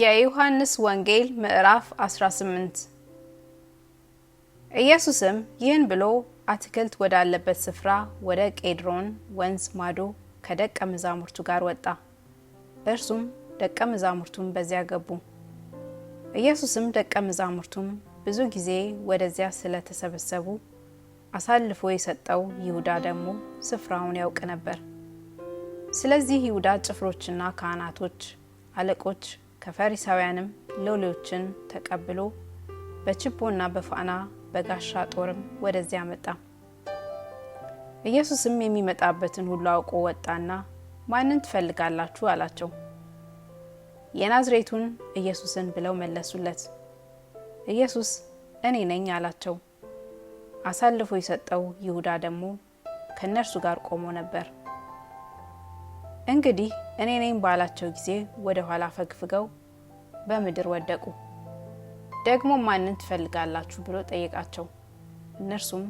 የዮሐንስ ወንጌል ምዕራፍ 18 ኢየሱስም ይህን ብሎ አትክልት ወዳለበት ስፍራ ወደ ቄድሮን ወንዝ ማዶ ከደቀ መዛሙርቱ ጋር ወጣ። እርሱም ደቀ መዛሙርቱም በዚያ ገቡ። ኢየሱስም ደቀ መዛሙርቱም ብዙ ጊዜ ወደዚያ ስለተሰበሰቡ አሳልፎ የሰጠው ይሁዳ ደግሞ ስፍራውን ያውቅ ነበር። ስለዚህ ይሁዳ ጭፍሮችና ካህናቶች አለቆች ከፈሪሳውያንም ሎሌዎችን ተቀብሎ በችቦና በፋና በጋሻ ጦርም ወደዚያ መጣ። ኢየሱስም የሚመጣበትን ሁሉ አውቆ ወጣና ማንን ትፈልጋላችሁ አላቸው። የናዝሬቱን ኢየሱስን ብለው መለሱለት። ኢየሱስ እኔ ነኝ አላቸው። አሳልፎ የሰጠው ይሁዳ ደግሞ ከእነርሱ ጋር ቆሞ ነበር። እንግዲህ እኔ ነኝ ባላቸው ጊዜ ወደ ኋላ ፈግፍገው በምድር ወደቁ። ደግሞ ማንን ትፈልጋላችሁ ብሎ ጠየቃቸው። እነርሱም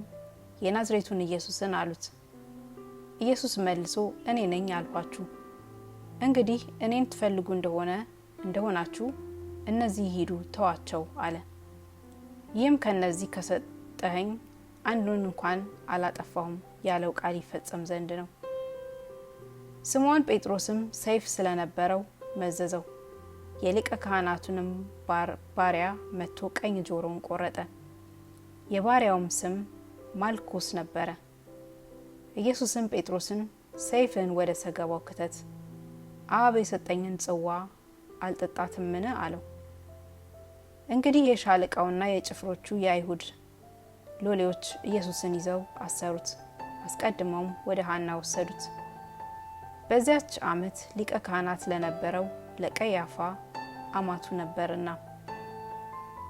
የናዝሬቱን ኢየሱስን አሉት። ኢየሱስ መልሶ እኔ ነኝ አልኳችሁ። እንግዲህ እኔን ትፈልጉ እንደሆነ እንደሆናችሁ እነዚህ ሂዱ ተዋቸው አለ። ይህም ከነዚህ ከሰጠኸኝ አንዱን እንኳን አላጠፋሁም ያለው ቃል ይፈጸም ዘንድ ነው። ስምዖን ጴጥሮስም ሰይፍ ስለነበረው መዘዘው፣ የሊቀ ካህናቱንም ባሪያ መጥቶ ቀኝ ጆሮውን ቆረጠ። የባሪያውም ስም ማልኮስ ነበረ። ኢየሱስም ጴጥሮስን ሰይፍን ወደ ሰገባው ክተት፣ አብ የሰጠኝን ጽዋ አልጠጣትምን? አለው። እንግዲህ የሻለቃውና የጭፍሮቹ የአይሁድ ሎሌዎች ኢየሱስን ይዘው አሰሩት። አስቀድመውም ወደ ሀና ወሰዱት። በዚያች ዓመት ሊቀ ካህናት ለነበረው ለቀያፋ አማቱ ነበርና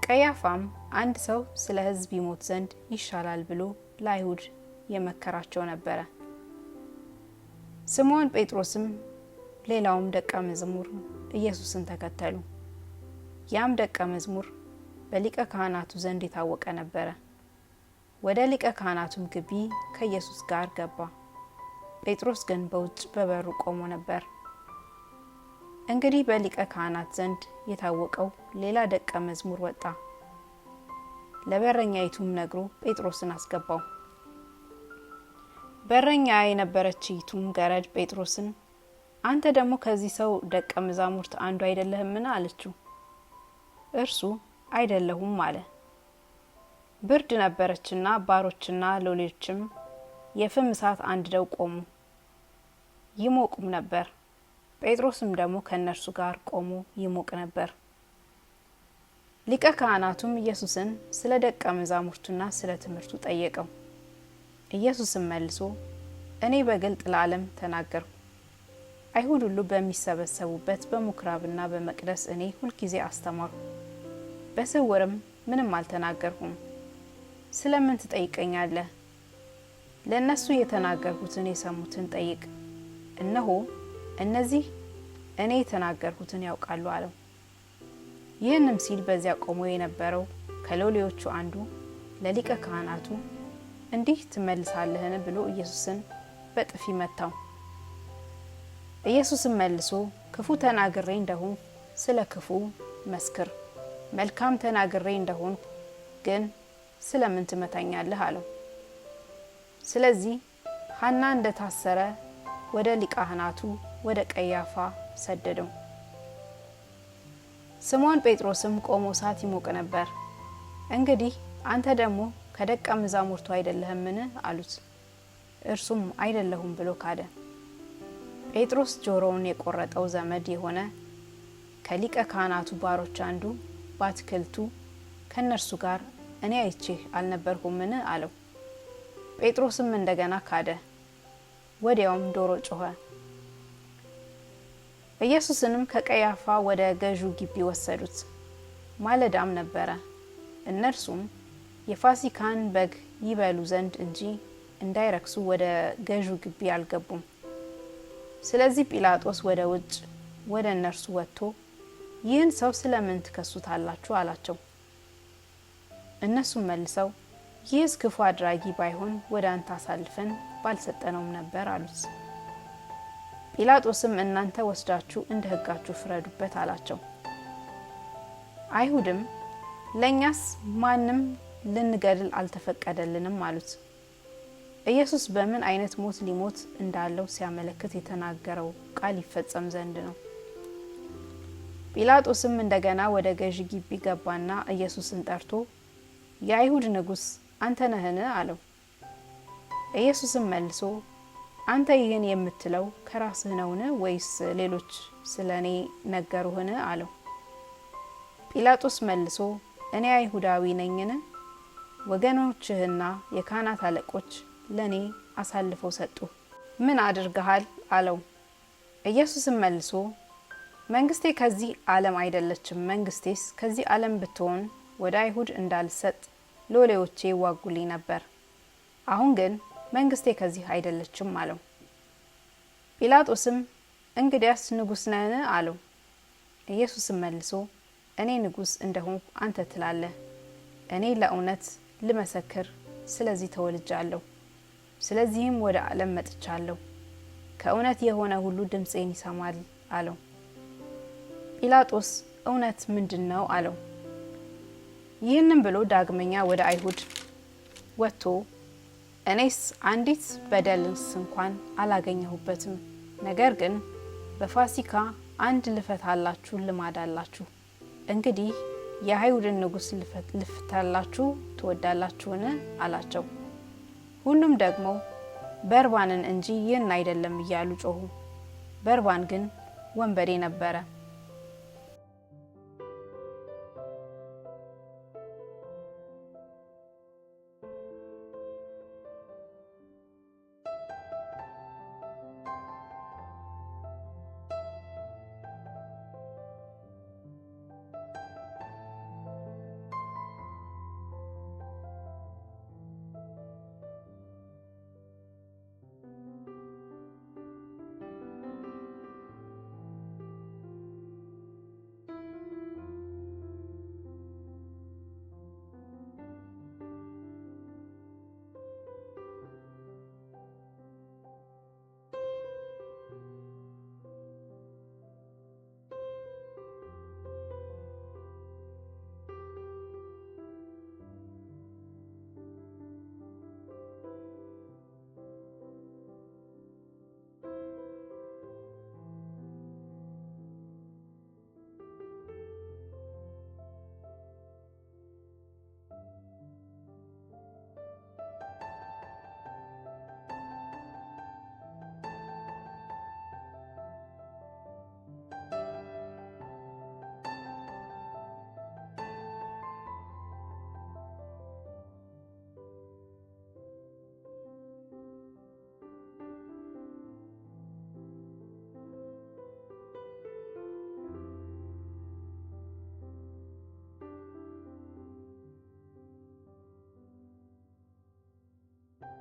ቀያፋም አንድ ሰው ስለ ሕዝብ ይሞት ዘንድ ይሻላል ብሎ ለአይሁድ የመከራቸው ነበረ። ስምዖን ጴጥሮስም ሌላውም ደቀ መዝሙር ኢየሱስን ተከተሉ። ያም ደቀ መዝሙር በሊቀ ካህናቱ ዘንድ የታወቀ ነበረ። ወደ ሊቀ ካህናቱም ግቢ ከኢየሱስ ጋር ገባ። ጴጥሮስ ግን በውጭ በበሩ ቆሞ ነበር። እንግዲህ በሊቀ ካህናት ዘንድ የታወቀው ሌላ ደቀ መዝሙር ወጣ። ለበረኛይቱም ነግሮ ጴጥሮስን አስገባው። በረኛ የነበረችይቱም ገረድ ጴጥሮስን አንተ ደግሞ ከዚህ ሰው ደቀ መዛሙርት አንዱ አይደለህምን? አለችው። እርሱ አይደለሁም አለ። ብርድ ነበረችና ባሮችና ሎሌዎችም የፍም እሳት አንድደው ቆሙ፣ ይሞቁም ነበር። ጴጥሮስም ደግሞ ከእነርሱ ጋር ቆሞ ይሞቅ ነበር። ሊቀ ካህናቱም ኢየሱስን ስለ ደቀ መዛሙርቱና ስለ ትምህርቱ ጠየቀው። ኢየሱስም መልሶ እኔ በግልጥ ለዓለም ተናገርኩ። አይሁድ ሁሉ በሚሰበሰቡበት በምኩራብና በመቅደስ እኔ ሁልጊዜ አስተማርኩ፣ በስውርም ምንም አልተናገርኩም። ስለምን ትጠይቀኛለህ? ለእነሱ የተናገርኩትን የሰሙትን ጠይቅ፣ እነሆ እነዚህ እኔ የተናገርኩትን ያውቃሉ አለው። ይህንም ሲል በዚያ ቆሞ የነበረው ከሎሌዎቹ አንዱ ለሊቀ ካህናቱ እንዲህ ትመልሳለህን ብሎ ኢየሱስን በጥፊ መታው። ኢየሱስም መልሶ ክፉ ተናግሬ እንደሆን ስለ ክፉ መስክር፣ መልካም ተናግሬ እንደሆን ግን ስለምን ትመታኛለህ? አለው። ስለዚህ ሐና እንደታሰረ ወደ ሊቃህናቱ ወደ ቀያፋ ሰደደው። ስምዖን ጴጥሮስም ቆሞ እሳት ይሞቅ ነበር። እንግዲህ አንተ ደግሞ ከደቀ መዛሙርቱ አይደለህምን? አሉት። እርሱም አይደለሁም ብሎ ካደ። ጴጥሮስ ጆሮውን የቆረጠው ዘመድ የሆነ ከሊቀ ካህናቱ ባሮች አንዱ በአትክልቱ ከእነርሱ ጋር እኔ አይቼህ አልነበርሁምን? አለው። ጴጥሮስም እንደገና ካደ። ወዲያውም ዶሮ ጮኸ። ኢየሱስንም ከቀያፋ ወደ ገዡ ግቢ ወሰዱት። ማለዳም ነበረ። እነርሱም የፋሲካን በግ ይበሉ ዘንድ እንጂ እንዳይረክሱ ወደ ገዡ ግቢ አልገቡም። ስለዚህ ጲላጦስ ወደ ውጭ ወደ እነርሱ ወጥቶ ይህን ሰው ስለምን ትከሱታላችሁ? አላቸው። እነሱም መልሰው ይህስ ክፉ አድራጊ ባይሆን ወደ አንተ አሳልፈን ባልሰጠነውም ነበር አሉት። ጲላጦስም እናንተ ወስዳችሁ እንደ ሕጋችሁ ፍረዱበት አላቸው። አይሁድም ለእኛስ ማንም ልንገድል አልተፈቀደልንም አሉት። ኢየሱስ በምን አይነት ሞት ሊሞት እንዳለው ሲያመለክት የተናገረው ቃል ይፈጸም ዘንድ ነው። ጲላጦስም እንደገና ወደ ገዢ ግቢ ገባና ኢየሱስን ጠርቶ የአይሁድ ንጉሥ አንተ ነህን? አለው። ኢየሱስም መልሶ አንተ ይህን የምትለው ከራስህ ነውን? ወይስ ሌሎች ስለ እኔ ነገሩህን? አለው። ጲላጦስ መልሶ እኔ አይሁዳዊ ነኝን? ወገኖችህና የካህናት አለቆች ለእኔ አሳልፈው ሰጡ። ምን አድርገሃል? አለው። ኢየሱስም መልሶ መንግስቴ ከዚህ ዓለም አይደለችም። መንግስቴስ ከዚህ ዓለም ብትሆን ወደ አይሁድ እንዳልሰጥ ሎሌዎቼ ይዋጉልኝ ነበር። አሁን ግን መንግስቴ ከዚህ አይደለችም አለው። ጲላጦስም እንግዲያስ ንጉሥ ነን አለው። ኢየሱስም መልሶ እኔ ንጉሥ እንደሆንኩ አንተ ትላለህ። እኔ ለእውነት ልመሰክር ስለዚህ ተወልጃለሁ፣ ስለዚህም ወደ ዓለም መጥቻለሁ። ከእውነት የሆነ ሁሉ ድምፄን ይሰማል አለው። ጲላጦስ እውነት ምንድን ነው አለው። ይህንም ብሎ ዳግመኛ ወደ አይሁድ ወጥቶ እኔስ አንዲት በደልስ እንኳን አላገኘሁበትም፣ ነገር ግን በፋሲካ አንድ ልፈታላችሁ ልማድ አላችሁ። እንግዲህ የአይሁድን ንጉሥ ልፍታላችሁ ትወዳላችሁን? አላቸው። ሁሉም ደግሞ በርባንን እንጂ ይህን አይደለም እያሉ ጮኹ። በርባን ግን ወንበዴ ነበረ።